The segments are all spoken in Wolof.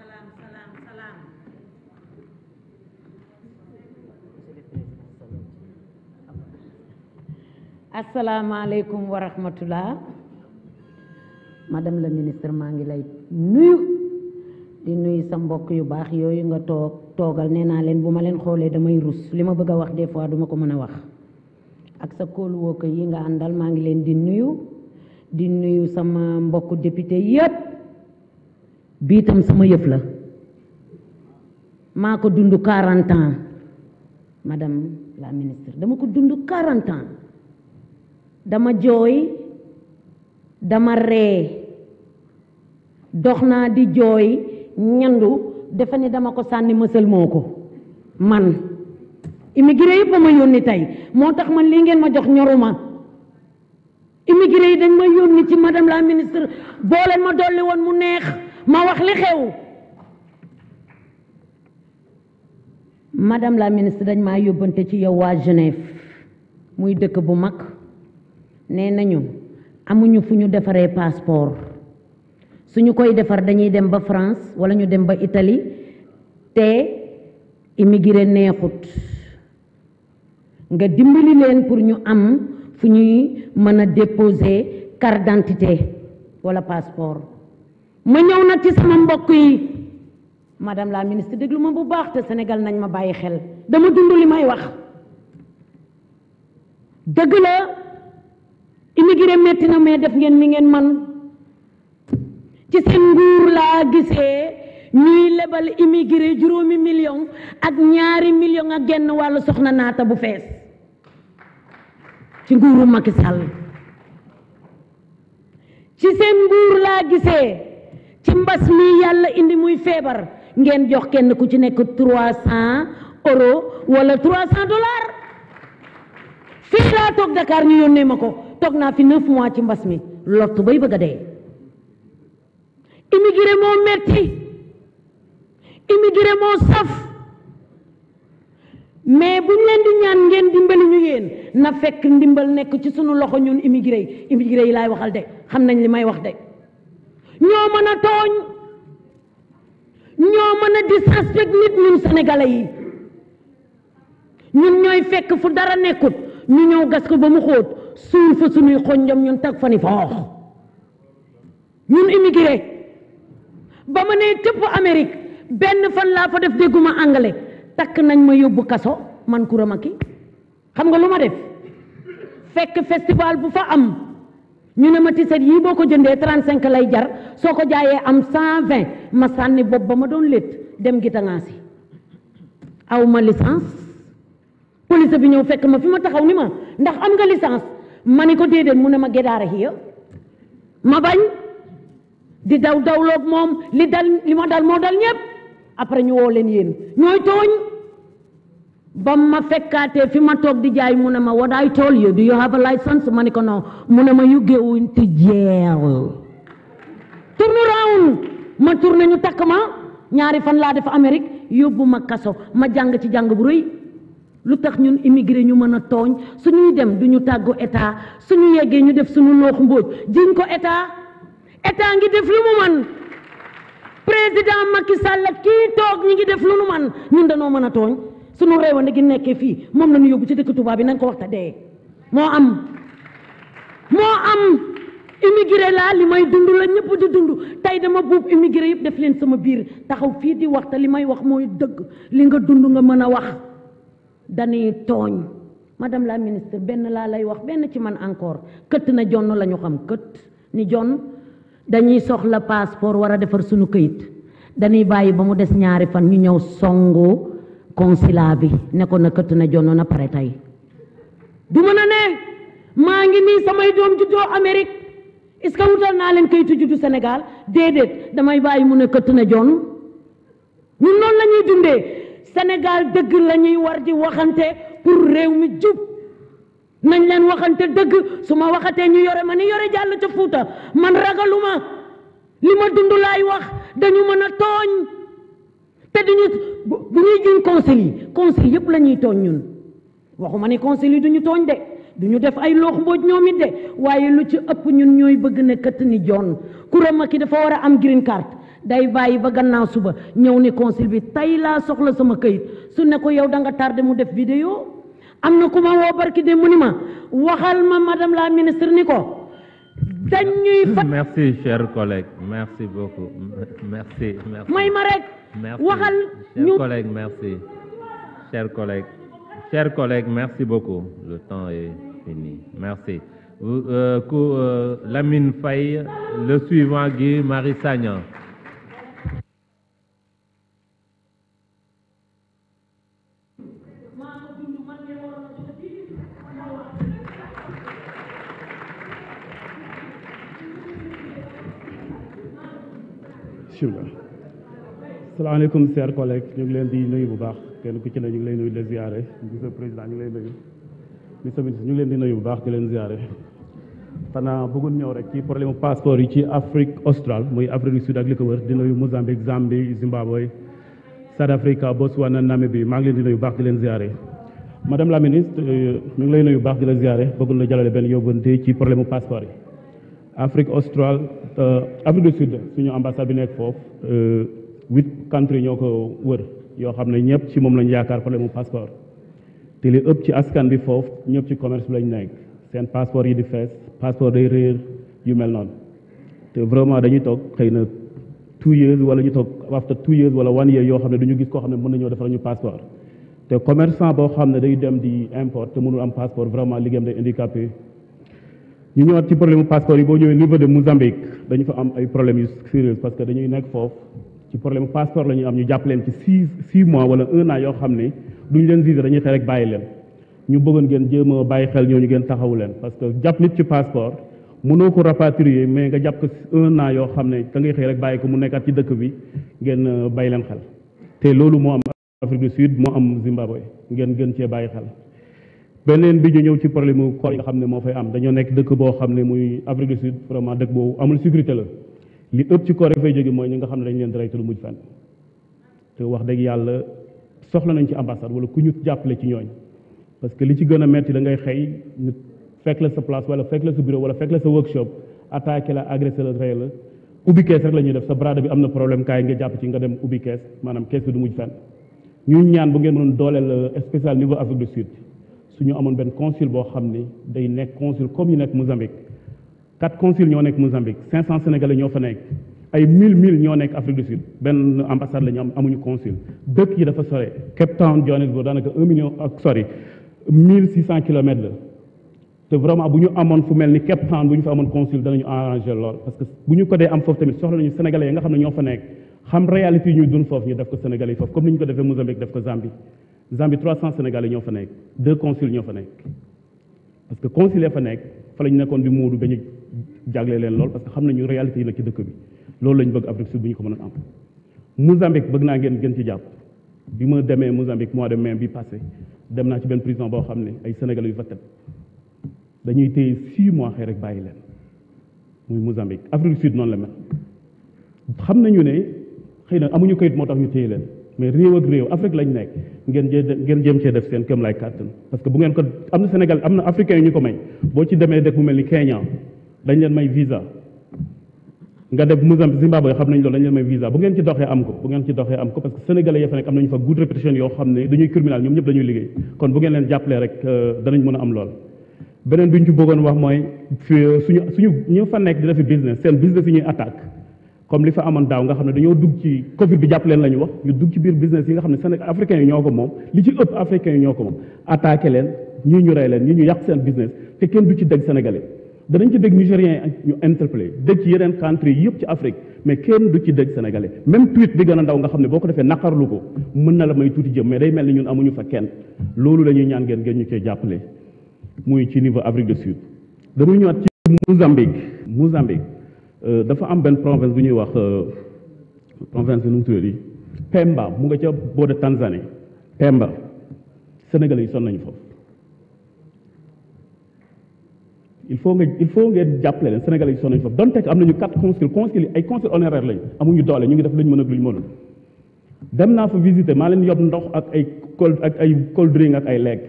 salaam salaam salaam asalaamaaleykum wa la ministre maa ngi lay nuyu di nuyu sa mbokk yu baax yooyu nga toog toogal nee naa leen bu ma leen xoolee damay rus li ma bëgg a wax des fois duma ko mën a wax ak sa kóoluwoo ko yi nga àndal maa ngi leen di nuyu di nuyu sama mbokk député yépp bii tam sama yëf la maa ko dund quarante ans madame la ministre dama ko dund quarante ans dama jooy dama ree dox naa di jooy ñandu defe ni dama ko sànni mësal moo ko man immigré yëpp a ma yónni tey moo tax man lii ngeen ma jox ñoruma immigré yi dañ ma yónni ci madame la ministre boo leen ma dolli woon mu neex ma wax li xew madame la ministre dañ maa yóbbante ci yow waa Genève muy dëkk bu mag nee nañu amuñu fu ñu defaree passeport suñu koy defar dañuy dem ba France wala ñu dem ba itali te immigré neexut nga dimbali leen pour ñu am fu ñuy mën a déposer carte walla wala passeport ma ñëw nag ci sama mbokk yi madame la ministre déglu ma bu baax te senegal nañ ma bàyyi xel dama dund li may wax dëgg la immigré metti na mais def ngeen mi ngeen man ci seen nguur laa gisee ñuy lebal immigré juróomi million ak ñaari million ak genn wàllu soxna naata bu fees ci nguuru Macky Sall ci seen nguur laa gisee ci mbas mi yàlla indi muy feebar ngeen jox kenn ku ci nekk trois cent euros wala trois cent dollars fii laa toog Dakar ñu yónnee ma ko toog naa fi neuf mois ci mbas mi lottu bay bëgg a dee immigré moo metti immigré moo saf mais buñ leen di ñaan ngeen dimbali ñu yéen na fekk ndimbal nekk ci sunu loxo ñun immigré yi yi laay waxal de xam nañ li may wax de ñoo mën a tooñ ñoo mën a disrespect nit ñun sénégalais yi ñun ñooy fekk fu dara nekkut ñu ñëw gas ko ba mu xóot suul fa suñuy xonjam ñun tag fani foox ñun immigré ba ma nee tëpp Amérique benn fan laa fa def dégguma anglais takk nañ ma yóbbu kaso man Coura Macky xam nga lu ma def fekk festival bu fa am ñu ne ma tiset yii boo ko jëndee cinq lay jar soo ko jaayee am 120 ma sànni bopp ba ma doon létt dem gi si aw ma licence police bi ñëw fekk ma fi ma taxaw ni ma ndax am nga licence ma ni ko déedéet mu ne ma gédaara hiya ma bañ di daw dawloog moom li dal li ma dal moo dal ñëpp après ñu woo leen yéen ñooy tooñ ba ma fekkaatee fi ma toog di jaay mu ne ma what I told you do you have a ma ne ko non mu ne ma you going to jail turn around ma tourné ñu takk ma ñaari fan laa def Amérique yóbbu ma kaso ma jàng ci jàng bu rëy lu tax ñun immigré ñu mën a tooñ su suñuy dem du ñu tàggu su suñu yeggee ñu def suñu looxu mbóoj jiñ ko état état ngi def lu mu man président Macky Sall kii toog ñi ngi def lu nu man ñun dañoo mën a tooñ sunu réewande gi nekkee fii moom la ñu yóbbu ci dëkk tubaab bi nañ ko waxta dee moo am moo am immigré laa li may dund la ñëpp di dund tey dama buub immigré yëpp def leen sama biir taxaw fii di waxta li may wax mooy dëgg li nga dund nga mën a wax dañuy tooñ dem laa ministre benn laa lay wax benn ci man encore këtt na jonn la ñu xam këtt ni jonn dañuy soxla passeport war a defar sunu këyit dañuy bàyyi ba mu des ñaari fan ñu ñëw songu consulat bi nekkoon na këtt na jonn na pare tey du mën a ne maa ngi nii samay doom juddoo Amérique est-ce que wutal naa leen kayitu juddu senegaal déedéet damay bàyyi mu ne këtt na jonn ñun noonu la ñuy dundee Sénégal dëgg la ñuy war di waxante pour réew mi jub nañ leen waxante dëgg su ma waxatee ñu yore ma ni yore jàll ca Fuuta man ragaluma li ma dund lay wax dañu mën a tooñ te duñu bu ñuy juñ conseil yi conseil yëpp la ñuy tooñ ñun waxuma ne conseil yi duñu tooñ de du def ay loox mbooj ñoom it de waaye lu ci ëpp ñun ñooy bëgg ne këtt ni joon Coura ki dafa war a am green card day bàyyi ba gannaaw suba ñëw ne conseil bi tey laa soxla sama këyit su ne ko yow da nga tardé mu def vidéo am na ku ma woo barki dem mu ni ma waxal ma madame la ministre ni ko dañuy fa merci cher collègue merci beaucoup may ma rek waxal ñu chers collègues merci chers collègues merci beaucoup le temps est fini merci euh, euh, Lamine Faye le suivant Guy Marie Sagna salaamaaleykum chers collègues ñu ngi leen di nuyu bu baax kenn ku ci ne ñu ngi lay ñu ngi leen di nuyu bu baax di leen ziare xanaa bëggoon ñëw rek ci problème passeport yi ci Afrique australe muy Afrique du Sud ak li ko wër di nuyu Mozambique Zambie Zimbabwe South Africa na Namibie maa ngi leen di nuyu bu baax di leen ziare. madame la ministre euh, ñu ngi lay nuyu bu baax di la ziare bëggoon na jàllale benn yóbbante ci problème passeport yi Afrique australe euh, Afrique du su suñu ambassade bi nekk foofu. Euh, huit country ñoo ko wër yoo xam ne ñëpp ci moom lañ yaakaar problème mu passeport te li ëpp ci askan bi foofu ñëpp ci commerce bi lañ nekk seen passeport yi di fees passeport day réer yu mel noonu te vraiment dañuy toog xëy na two years wala ñu toog after two years wala one year yoo xam ne du ñu gis koo xam ne mën nañoo defar ñu passeport te commerçant boo xam ne day dem di import te mënul am passeport vraiment liggéeyam day handicapé ñu ñëwaat ci problème mu passeport yi boo ñëwee niveau de Mozambique dañu fa am ay problèmes yu sérieux parce que dañuy nekk foofu ci problème passeport la ñu am ñu jàpp leen ci six six mois wala un an yoo xam ne duñ leen visé dañuy xëy rek bàyyi leen ñu bëggoon ngeen jéem a bàyyi xel ñu ngeen taxawu leen parce que jàpp nit ci passeport mënoo ko rapatrier mais nga jàpp ko un an yoo xam ne da xëy rek bàyyi ko mu nekkaat ci dëkk bi ngeen euh, bàyyi leen xel te loolu moo am Afrique du Sud moo am Zimbabwe ngeen gën cee bàyyi xel beneen bi ñu ñëw ci problème mu nga xam ne moo fay am dañoo nekk dëkk boo xam ne muy Afrique du Sud vraiment dëkk boobu amul sécurité la li ëpp ci koor yi fay jóge mooy ñi nga xam ne dañ leen di rey te mujj fenn te wax dëgg yàlla soxla nañ ci ambassade wala ku ñu jàppale ci ñooñ parce que li ci gën a metti da ngay xëy ñu fekk la sa place wala fekk la sa bureau wala fekk la sa workshop attaqué la agressé la rey la ubbi kees rek la ñuy def sa brada bi am na problème kaay nga jàpp ci nga dem ubbi kees maanaam kees bi du mujj fenn ñuy ñaan bu ngeen mënoon dooleel euh, spécial niveau Afrique du Sud suñu amoon benn consul boo xam ne day nekk consul comme ñu nekk Mozambique quatre consuls ñoo nekk Mozambique cinq cent sénégalais ñoo fa nekk ay mille mille ñoo nekk Afrique du Sud benn ambassade la ñu amuñu consul dëkk yi dafa sore Cape Town Johannesburg daanaka ak sori bu ñu amoon fu mel ni Cape Town bu ñu fa amoon consul danañu arranger lool parce que bu ñu ko dee am foofu tamit soxla nañu sénégalais yi nga xam ne ñoo fa nekk xam réalité yi ñuy dund foofu ñu def ko sénégalais yi foofu comme ni ñu ko defee Mozambique def ko Zambie Zambie nekk deux consuls ñoo parce que conseiller fa nekk fa la ñu nekkoon bi Moodu gañu jagle leen lool parce que xam nañu réalité yi nag ci dëkk bi loolu la ñu bëgg Afrique Sud bu ñu ko mënoon am Mozambique bëgg naa ngeen gën ci jàpp bi ma demee Mozambique mois de mais bi passé dem naa ci benn prison boo xam ne ay Sénégalais yu fa tëdd dañuy téye six mois xëy rek bàyyi leen muy Mozambique Afrique Sud noonu la mel xam nañu ne xëy na amuñu kayit moo tax ñu téye leen mais réew ak réew Afrique lañ nekk ngeen jé cee def seen këm lay kàttan parce que bu ngeen ko am na Sénégal am na africain yu ñu ko may boo ci demee dëkk bu mel ni Kenya dañ leen may visa nga def Mozambique Zimbabwe xam nañ loolu dañ leen may visa bu ngeen ci doxee am ko parce que sénégalais ya fa nekk am nañu fa good réputation yoo xam ne dañuy criminal ñoom ñëpp dañuy liggéey kon bu ngeen leen jàppalee rek euh, danañ mën a am lool beneen bi ñu comme li fa amoon daaw nga xam ne dañoo dugg ci Covid bi jàpp leen la ñu wax ñu dugg ci biir business yi nga xam ne Sénégal africains yi ñoo ko moom li ci ëpp africains yi ñoo ko moom attaqué leen ñii ñu rey leen ñii ñu yàq seen business te kenn du ci dégg sénégalais danañ ci dégg ak ñu interpellé dégg ci yeneen country yëpp ci Afrique mais kenn du ci dégg sénégalais même tweet bi gën a ndaw nga xam ne boo ko defee naqarlu ko mën na la may tuuti jëm mais day mel ni ñun amuñu fa kenn loolu la ñaan ngeen ngeen ñu koy jàppale muy ci niveau Afrique du Sud dañuy ñëwaat ci Mozambique Mozambique Euh, dafa am benn province bu ñuy wax euh, province nu mu tuddati Pemba mu nga ca boo de Tanzanie Pemba Sénégalais yi sonn nañu foofu il faut nga il faut ngeen jàppale leen Sénégalais yi sonn nañu foofu donte am nañu quatre consuls consuls ay consuls honoraires lañu amuñu doole ñu ngi def lu mën ak lu mënul dem naa fa visiter maa leen yob ndox ak ay cold ak ay cold drink ak ay lekk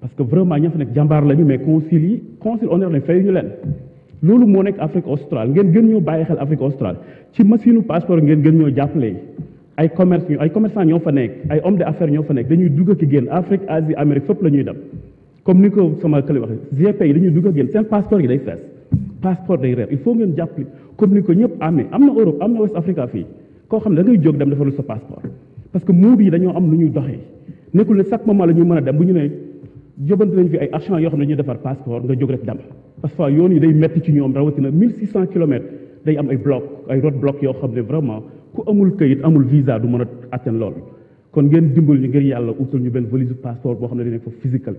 parce que vraiment ña fa nekk jàmbaar lañu mais consuls yi consil honoraires lañu fayuñu leen. loolu moo nekk Afrique australe ngeen gën ñoo bàyyi xel Afrique australe ci machine passeport ngeen gën ñoo jàppale ay commerce ay commerçant ñoo fa nekk ay homme d'affaires ñoo fa nekk dañuy dugg ak génn Afrique Asie Amérique fépp la ñuy dem comme ni ko sama kële waxee GP yi dañuy dugg a génn seen passeport yi day fees passeport day reer il faut ngeen jàppale comme ni ko ñëpp amee am na Europe am na West Africa fii koo xam ne da ngay jóg dem defalu sa passeport parce que moom yi dañoo am lu ñuy doxee nekkul ne chaque moment la ñuy mën a dem bu ñu ne jobante nañ fi ay agent yoo xam ne ñu defar passeport nga jóg rek dem parce que yoon yi day metti ci ñoom rawatina 1600 kilomètres day am ay bloc ay road bloc yoo xam ne vraiment ku amul kayit amul visa du man a atteindre lool kon ngeen dimbal ñu ngir yàlla utal ñu benn valise passeport boo xam ne dina nekk fa physical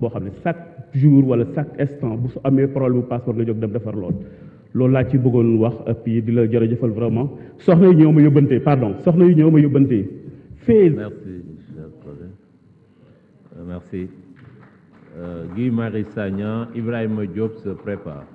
boo xam ne chaque jour wala chaque instant bu su amee problème bu passeport nga jóg dem defar loolu laa ci bëggoon wax et puis di la jërëjëfal vraiment soxna yi ñoo ma yóbbante pardon soxna yi ñoo ma yóbbante fee merci euh, merci Euh, Guy Marius Sagna, Ibrahima Diop se prépare.